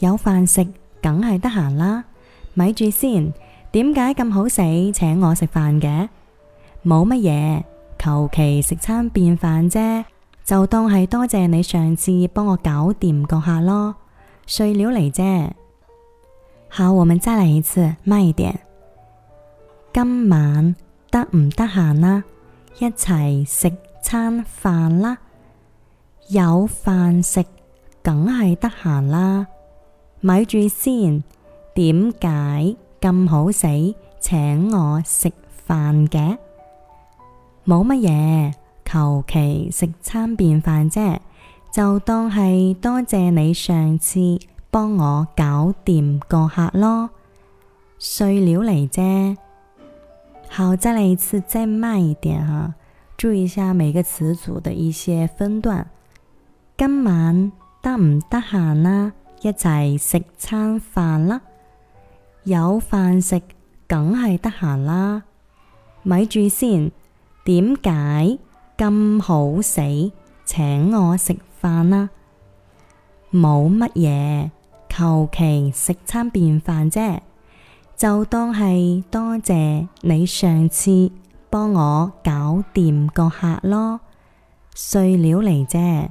有飯食，梗係得閒啦。咪住先，點解咁好死，請我食飯嘅？冇乜嘢，求其食餐便飯啫，就當係多謝你上次幫我搞掂個客咯，碎料嚟啫。好，我們再來一次，慢一點。今晚得唔得閒啦？一齊食餐飯啦。有飯食，梗係得閒啦。咪住先，點解咁好死，請我食飯嘅？冇乜嘢，求其食餐便飯啫，就當係多謝你上次幫我搞掂個客咯，碎料嚟啫。好，再嚟一次，再慢一點哈，注意下每個詞組嘅一些分段。今晚得唔得閒啊？一齊食餐飯啦，有飯食，梗係得閒啦。咪住先，點解咁好死，請我食飯啦，冇乜嘢，求其食餐便飯啫，就當係多謝你上次幫我搞掂個客咯，碎料嚟啫。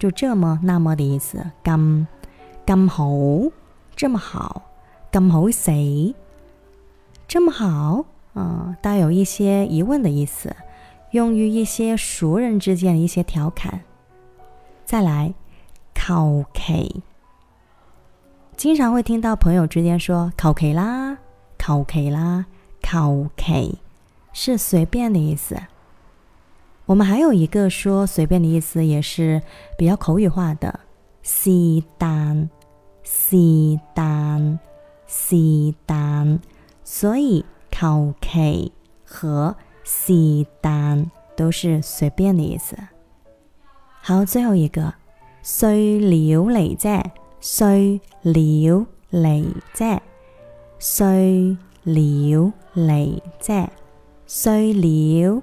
就這麼、那麼的意思，咁咁好，這麼好，咁好誰，這麼好，啊、嗯，帶有一些疑問的意思，用於一些熟人之間的一些調侃。再來，求其，經常會聽到朋友之間說求其啦，求其啦，求其，是隨便的意思。我們還有一個說隨便的意思，也是比較口語化的，西單，西單，西 n 所以求其和西 n 都是隨便的意思。好，最後一個碎了，嚟啫，碎了，嚟啫，碎了，嚟啫，碎了。